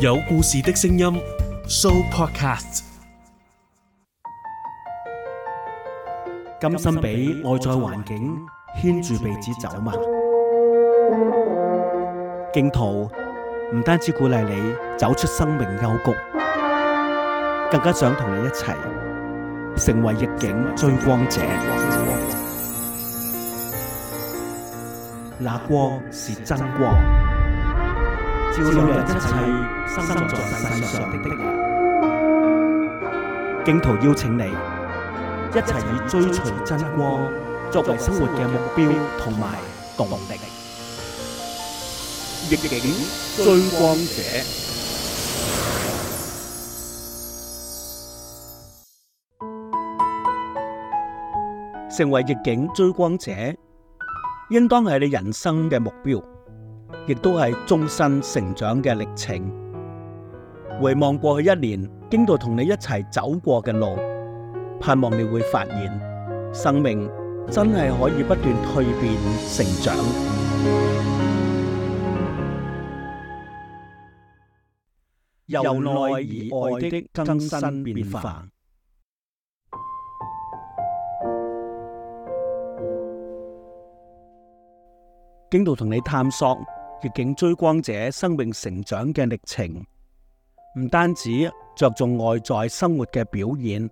有故事的聲音，Sooo Podcast。甘心俾外在環境牽住鼻子走嘛？荊徒唔單止鼓勵你走出生命幽谷，更加想同你一齊成為逆境追光者。那光是真光。照亮一切生在世上的人，荊徒邀請你一齊以追隨真光作為生活嘅目標同埋動力。逆境追光者成為逆境追光者，應當係你人生嘅目標。亦都係終身成長嘅歷程。回望過去一年，荊徒同你一齊走過嘅路，盼望你會發現，生命真係可以不斷蛻變成長，由內而外的更新變化。荊徒同你探索。逆境追光者。生命成長嘅歷程，唔單止着重外在生活嘅表現，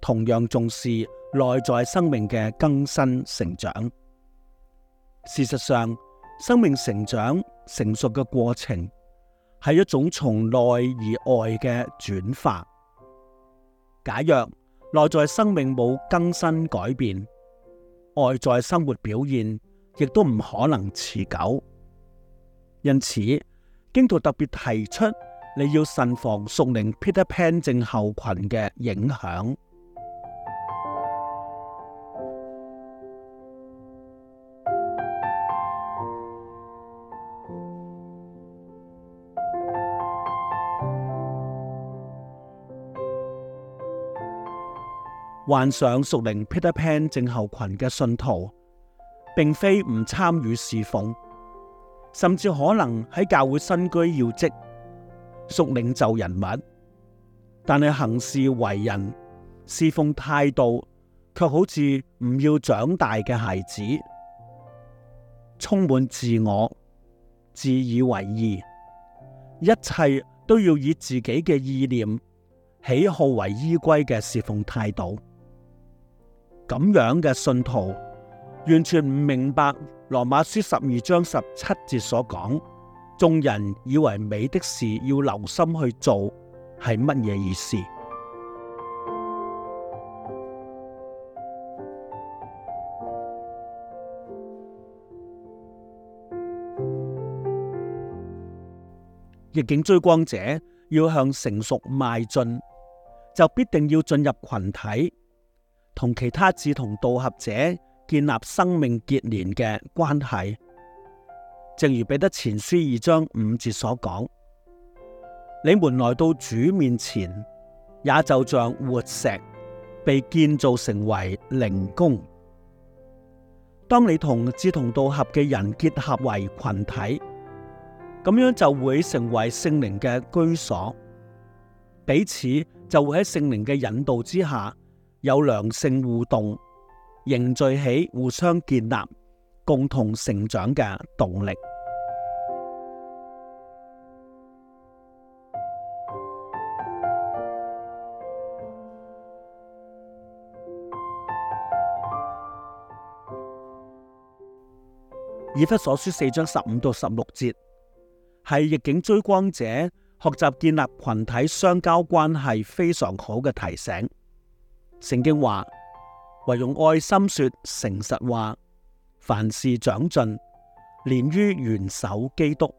同樣重視內在生命嘅更新成長。事實上，生命成長成熟嘅過程係一種從內而外嘅轉化。假若內在生命冇更新改變，外在生活表現亦都唔可能持久。因此，荊徒特別提出你要慎防屬靈 Peter Pan 症候群嘅影響。患上屬靈 Peter Pan 症候群嘅信徒，並非唔參與侍奉。甚至可能喺教會身居要職，屬領袖人物，但係行事為人侍奉態度，卻好似唔要長大嘅孩子，充滿自我，自以為義，一切都要以自己嘅意念、喜好為依歸嘅侍奉態度。咁樣嘅信徒，完全唔明白。羅馬書十二章十七節所講，眾人以為美的事要留心去做，係乜嘢意思？逆境追光者要向成熟邁進，就必定要進入群體，同其他志同道合者。建立生命結連嘅關係，正如彼得前書二章五節所講：「你們來到主面前，也就像活石，被建造成為靈宮。當你同志同道合嘅人結合為群體，咁樣就會成為聖靈嘅居所，彼此就會喺聖靈嘅引導之下有良性互動，凝聚起互相建立、共同成長嘅動力。 以弗所書四章十五到十六節係逆境追光者學習建立群體相交關係非常好嘅提醒。聖經話，唯用愛心說誠實話，凡事長進，連於元首基督，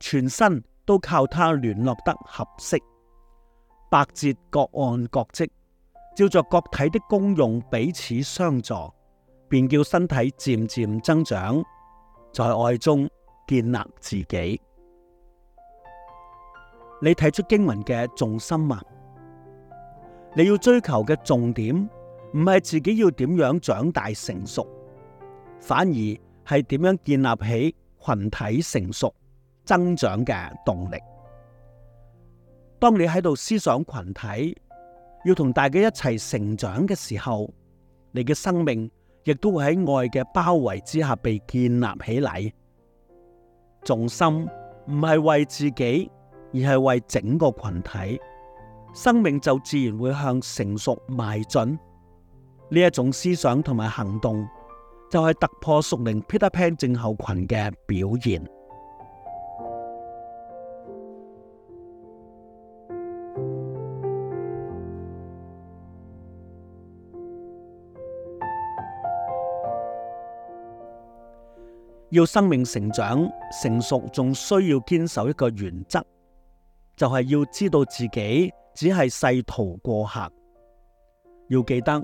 全身都靠他聯絡得合適，百節各按各職，照着各體的功用彼此相助，便叫身體漸漸增長，在愛中建立自己。你睇出經文嘅重心啊？你要追求嘅重點？唔係自己要點樣長大成熟，反而係點樣建立起群體成熟增長嘅動力。當你喺度思想群體，要同大家一齊成長嘅時候，你嘅生命亦都會喺愛嘅包圍之下被建立起嚟。重心唔係為自己，而係為整個群體，生命就自然會向成熟邁進。呢一種思想同埋行動，就係、是、突破熟齡 Peter Pan 症候群嘅表現。要生命成長成熟，仲需要堅守一個原則，就係、是、要知道自己只係世途過客，要記得。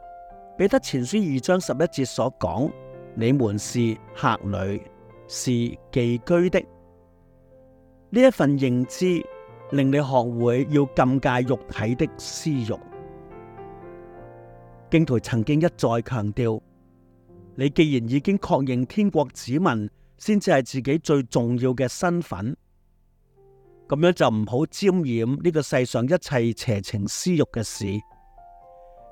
彼得前書二章十一節所講：你們是客旅，是寄居的。呢一份認知令你學會要禁戒肉體的私欲。荊徒曾經一再強調，你既然已經確認天國子民，先至係自己最重要嘅身份，咁樣就唔好沾染呢個世上一切邪情私欲嘅事。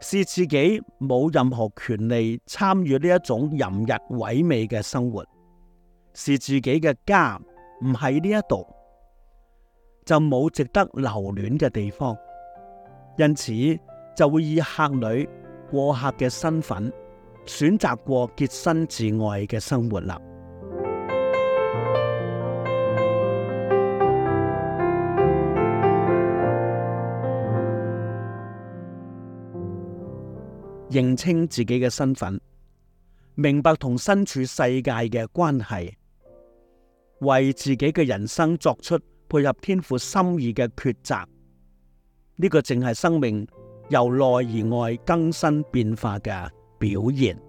是自己冇任何權利參與呢一種淫逸萎靡嘅生活，是自己嘅家唔喺呢一度，就冇值得留戀嘅地方，因此就會以客女過客嘅身份，選擇過潔身自愛嘅生活啦。認清自己嘅身份，明白同身處世界嘅關係，為自己嘅人生作出配合天父心意嘅抉擇，呢、這個正係生命由內而外更新變化嘅表現。